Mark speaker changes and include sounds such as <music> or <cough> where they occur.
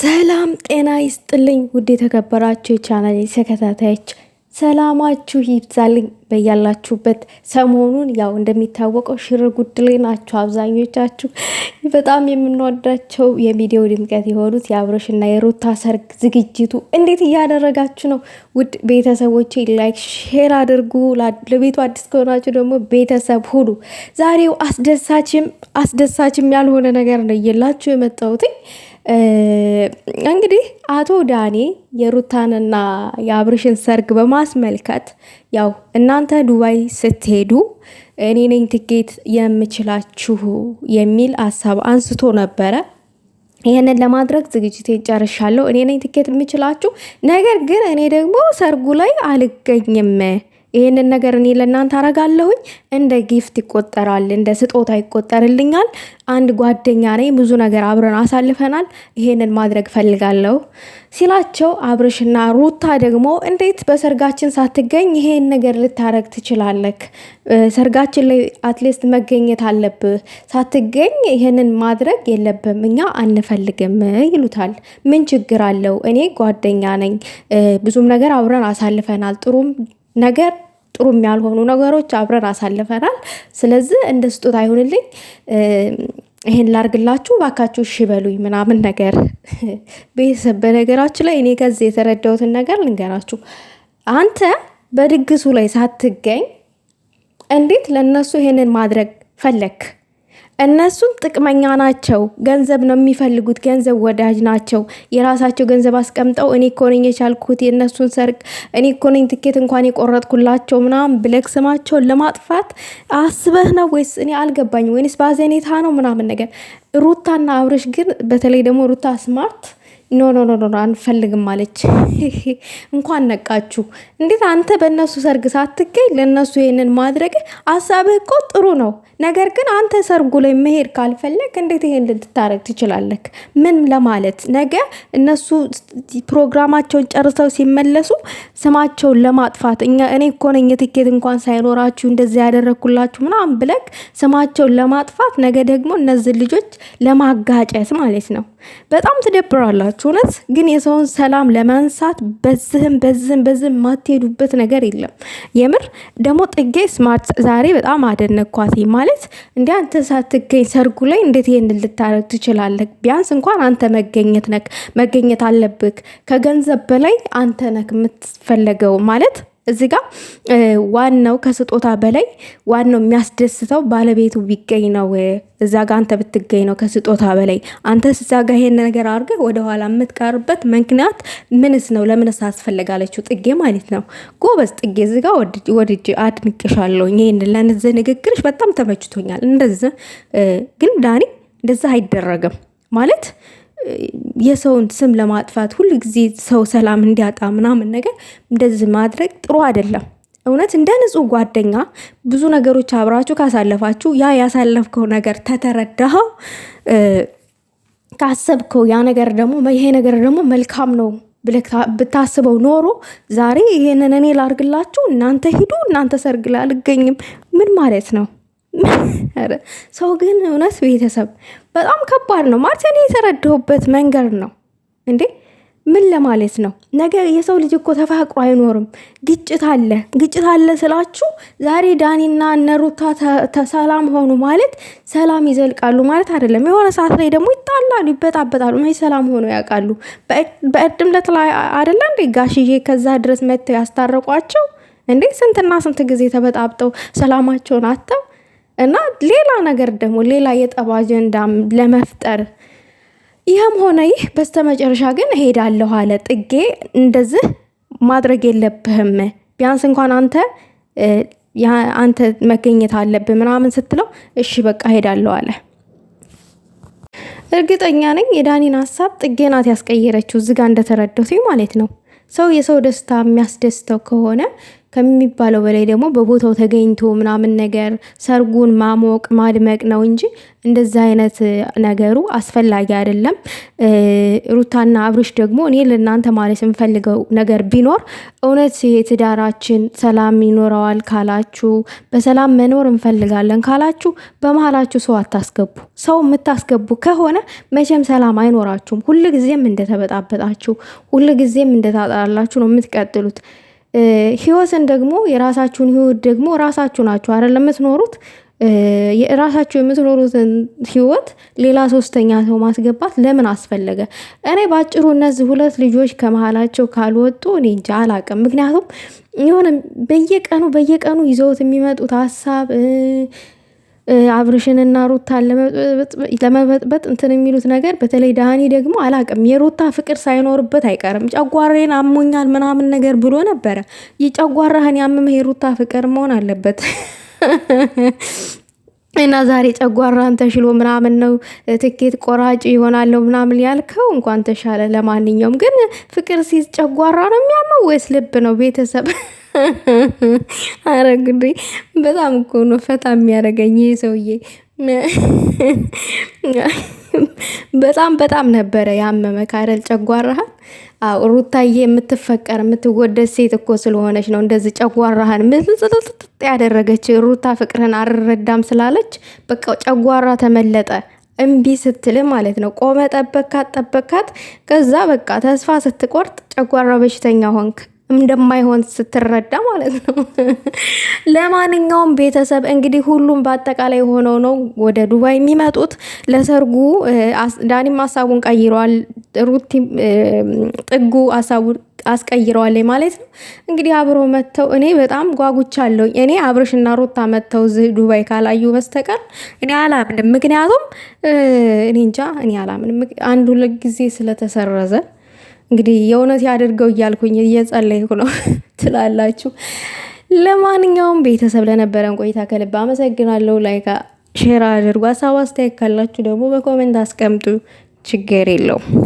Speaker 1: ሰላም ጤና ይስጥልኝ ውድ የተከበራችሁ የቻናል ተከታታዮች ሰላማችሁ ይብዛልኝ በያላችሁበት። ሰሞኑን ያው እንደሚታወቀው ሽር ጉድ ላይ ናችሁ አብዛኞቻችሁ። በጣም የምንወዳቸው የሚዲያው ድምቀት የሆኑት የአብረሽ እና የሩታ ሰርግ ዝግጅቱ እንዴት እያደረጋችሁ ነው? ውድ ቤተሰቦች ላይክ፣ ሼር አድርጉ። ለቤቱ አዲስ ከሆናችሁ ደግሞ ቤተሰብ ሁሉ ዛሬው አስደሳችም አስደሳችም ያልሆነ ነገር ነው እየላችሁ የመጣሁትኝ እንግዲህ አቶ ዳኔ የሩታንና የአብርሽን ሰርግ በማስመልከት ያው እናንተ ዱባይ ስትሄዱ እኔ ነኝ ትኬት የምችላችሁ የሚል ሀሳብ አንስቶ ነበረ። ይህንን ለማድረግ ዝግጅቴን ጨርሻለሁ። እኔ ነኝ ትኬት የምችላችሁ፣ ነገር ግን እኔ ደግሞ ሰርጉ ላይ አልገኝም ይህንን ነገር እኔ ለእናንተ አረጋለሁኝ እንደ ጊፍት ይቆጠራል፣ እንደ ስጦታ ይቆጠርልኛል። አንድ ጓደኛ ነኝ፣ ብዙ ነገር አብረን አሳልፈናል፣ ይሄንን ማድረግ ፈልጋለሁ ሲላቸው አብርሽና ሩታ ደግሞ እንዴት በሰርጋችን ሳትገኝ ይሄን ነገር ልታረግ ትችላለህ? ሰርጋችን ላይ አትሊስት መገኘት አለብህ። ሳትገኝ ይህንን ማድረግ የለብም፣ እኛ አንፈልግም ይሉታል። ምን ችግር አለው? እኔ ጓደኛ ነኝ፣ ብዙም ነገር አብረን አሳልፈናል ጥሩም ነገር ጥሩም ያልሆኑ ነገሮች አብረን አሳልፈናል። ስለዚህ እንደ ስጦታ አይሆንልኝ ይሄን ላርግላችሁ ባካችሁ እሺ በሉኝ ምናምን ነገር። ቤተሰብ በነገራችሁ ላይ እኔ ከዚህ የተረዳሁትን ነገር ልንገራችሁ። አንተ በድግሱ ላይ ሳትገኝ እንዴት ለእነሱ ይሄንን ማድረግ ፈለክ? እነሱም ጥቅመኛ ናቸው። ገንዘብ ነው የሚፈልጉት፣ ገንዘብ ወዳጅ ናቸው። የራሳቸው ገንዘብ አስቀምጠው እኔ እኮ ነኝ የቻልኩት የእነሱን ሰርግ፣ እኔ እኮ ነኝ ትኬት እንኳን የቆረጥኩላቸው ምናም ብለክ ስማቸውን ለማጥፋት አስበህ ነው ወይስ? እኔ አልገባኝ፣ ወይንስ በአዘኔታ ነው ምናምን ነገር። ሩታና አብርሽ ግን በተለይ ደግሞ ሩታ ስማርት ኖ ኖ ኖ አንፈልግም አለች። እንኳን ነቃችሁ። እንዴት አንተ በእነሱ ሰርግ ሳትገኝ ለእነሱ ይሄንን ማድረግ አሳብህ እኮ ጥሩ ነው። ነገር ግን አንተ ሰርጉ ላይ መሄድ ካልፈለግ እንዴት ይሄን ልትታረግ ትችላለህ? ምን ለማለት ነገ እነሱ ፕሮግራማቸውን ጨርሰው ሲመለሱ ስማቸውን ለማጥፋት እኔ እኮ ነኝ እንኳን ሳይኖራችሁ እንደዚህ ያደረግኩላችሁ ምናምን ብለህ ስማቸውን ለማጥፋት ነገ ደግሞ እነዚህ ልጆች ለማጋጨት ማለት ነው። በጣም ትደብራላችሁ። እውነት ግን የሰውን ሰላም ለማንሳት በዝህም በዝህም በዝህም ማትሄዱበት ነገር የለም። የምር ደግሞ ጥጌ ስማርት ዛሬ በጣም አደነኳት። ማለት እንዲ አንተ ሳትገኝ ሰርጉ ላይ እንዴት ይህን ልታደረግ ትችላለህ? ቢያንስ እንኳን አንተ መገኘት ነክ መገኘት አለብህ። ከገንዘብ በላይ አንተ ነክ የምትፈለገው ማለት እዚህ ጋር ዋናው ከስጦታ በላይ ዋናው የሚያስደስተው ባለቤቱ ቢገኝ ነው። እዛ ጋ አንተ ብትገኝ ነው ከስጦታ በላይ። አንተ እዛ ጋ ይሄን ነገር አድርገህ ወደኋላ የምትቀርበት ምክንያት ምንስ ነው? ለምንስ አስፈልጋለችው? ጥጌ ማለት ነው። ጎበዝ ጥጌ፣ እዚህ ጋ ወድጅ አድንቅሻለሁ። ይህን ለንዝህ ንግግርሽ በጣም ተመችቶኛል። እንደዚህ ግን ዳኒ እንደዚህ አይደረግም ማለት የሰውን ስም ለማጥፋት ሁል ጊዜ ሰው ሰላም እንዲያጣ ምናምን ነገር እንደዚህ ማድረግ ጥሩ አይደለም። እውነት እንደ ንጹህ ጓደኛ ብዙ ነገሮች አብራችሁ ካሳለፋችሁ ያ ያሳለፍከው ነገር ተተረዳኸው ካሰብከው ያ ነገር ደግሞ ይሄ ነገር ደግሞ መልካም ነው ብለህ ብታስበው ኖሮ ዛሬ ይሄንን እኔ ላርግላችሁ፣ እናንተ ሂዱ፣ እናንተ ሰርግ ላይ አልገኝም ምን ማለት ነው? <laughs> ሰው ግን እውነት ቤተሰብ በጣም ከባድ ነው ማለት እኔ የተረዳሁበት መንገድ ነው እንዴ። ምን ለማለት ነው? ነገ የሰው ልጅ እኮ ተፋቅሮ አይኖርም። ግጭት አለ። ግጭት አለ ስላችሁ ዛሬ ዳኒና እነሩታ ተሰላም ሆኑ ማለት ሰላም ይዘልቃሉ ማለት አይደለም። የሆነ ሰዓት ላይ ደግሞ ይጣላሉ፣ ይበጣበጣሉ። መቼ ሰላም ሆኖ ያውቃሉ? በእድም ለት ላይ አደለ እንዴ ጋሽዬ ከዛ ድረስ መጥተው ያስታረቋቸው እንዴ? ስንትና ስንት ጊዜ ተበጣብጠው ሰላማቸውን አጥተው እና ሌላ ነገር ደግሞ ሌላ የጠብ አጀንዳም ለመፍጠር ይህም ሆነ ይህ በስተመጨረሻ ግን እሄዳለሁ አለ ጥጌ። እንደዚህ ማድረግ የለብህም ቢያንስ እንኳን አንተ አንተ መገኘት አለብህ ምናምን ስትለው እሺ በቃ እሄዳለሁ አለ። እርግጠኛ ነኝ የዳኒን ሀሳብ ጥጌ ናት ያስቀየረችው እዚጋ እንደተረዳሁት ማለት ነው። ሰው የሰው ደስታ የሚያስደስተው ከሆነ ከሚባለው በላይ ደግሞ በቦታው ተገኝቶ ምናምን ነገር ሰርጉን ማሞቅ ማድመቅ ነው እንጂ እንደዛ አይነት ነገሩ አስፈላጊ አይደለም። ሩታና አብርሽ ደግሞ እኔ ለእናንተ ማለት የምፈልገው ነገር ቢኖር እውነት ይሄ ትዳራችን ሰላም ይኖረዋል ካላችሁ፣ በሰላም መኖር እንፈልጋለን ካላችሁ በመሀላችሁ ሰው አታስገቡ። ሰው የምታስገቡ ከሆነ መቼም ሰላም አይኖራችሁም። ሁልጊዜም እንደተበጣበጣችሁ፣ ሁልጊዜም እንደታጣላችሁ ነው የምትቀጥሉት። ህይወትን ደግሞ የራሳችሁን ህይወት ደግሞ ራሳችሁ ናችሁ አይደለም የምትኖሩት። የራሳችሁ የምትኖሩትን ህይወት ሌላ ሶስተኛ ሰው ማስገባት ለምን አስፈለገ? እኔ ባጭሩ እነዚህ ሁለት ልጆች ከመሀላቸው ካልወጡ እኔ እንጂ አላቅም። ምክንያቱም የሆነ በየቀኑ በየቀኑ ይዘውት የሚመጡት ሀሳብ አብርሽንና ሩታን ለመበጥበጥ እንትን የሚሉት ነገር በተለይ ዳኒ ደግሞ አላቅም የሩታ ፍቅር ሳይኖርበት አይቀርም። ጨጓራዬን አሞኛል ምናምን ነገር ብሎ ነበረ። የጨጓራህን ያመመ የሩታ ፍቅር መሆን አለበት <laughs> እና ዛሬ ጨጓራን ተሽሎ ምናምን ነው ትኬት ቆራጭ ይሆናለሁ ምናምን ያልከው እንኳን ተሻለ። ለማንኛውም ግን ፍቅር ሲስ ጨጓራ ነው የሚያመው ወይስ ልብ ነው ቤተሰብ? <laughs> አረ ጉዴ! በጣም እኮ ነው ፈታ የሚያደርገኝ ይህ ሰውዬ። <laughs> በጣም በጣም ነበረ ካረል ጨጓራሃን። ጨጓራህን ሩታዬ የምትፈቀር የምትወደድ ሴት እኮ ስለሆነች ነው እንደዚህ ጨጓራሃን ምጥጥጥጥ ያደረገች። ሩታ ፍቅርን አልረዳም ስላለች በቃ ጨጓራ ተመለጠ። እምቢ ስትል ማለት ነው። ቆመ ጠበካት ጠበካት። ከዛ በቃ ተስፋ ስትቆርጥ ጨጓራ በሽተኛ ሆንክ። እንደማይሆን ስትረዳ ማለት ነው። <laughs> ለማንኛውም ቤተሰብ እንግዲህ ሁሉም በአጠቃላይ ሆነው ነው ወደ ዱባይ የሚመጡት ለሰርጉ። ዳኒም ሀሳቡን ቀይረዋል፣ ሩቲ ጥጉ ሀሳቡን አስቀይረዋል ማለት ነው። እንግዲህ አብሮ መጥተው እኔ በጣም ጓጉቻለሁ። እኔ አብርሽና ሩታ መጥተው እዚህ ዱባይ ካላዩ በስተቀር እኔ አላምንም። ምክንያቱም እኔ እንጃ እኔ አላምንም። አንዱ ጊዜ ስለተሰረዘ እንግዲህ የእውነት ያደርገው እያልኩኝ እየጸለይኩ ነው <laughs> ትላላችሁ። ለማንኛውም ቤተሰብ ለነበረን ቆይታ ከልብ አመሰግናለሁ። ላይክ፣ ሼር አድርጉ። ሀሳብ አስተያየት ካላችሁ ደግሞ በኮሜንት አስቀምጡ። ችግር የለውም።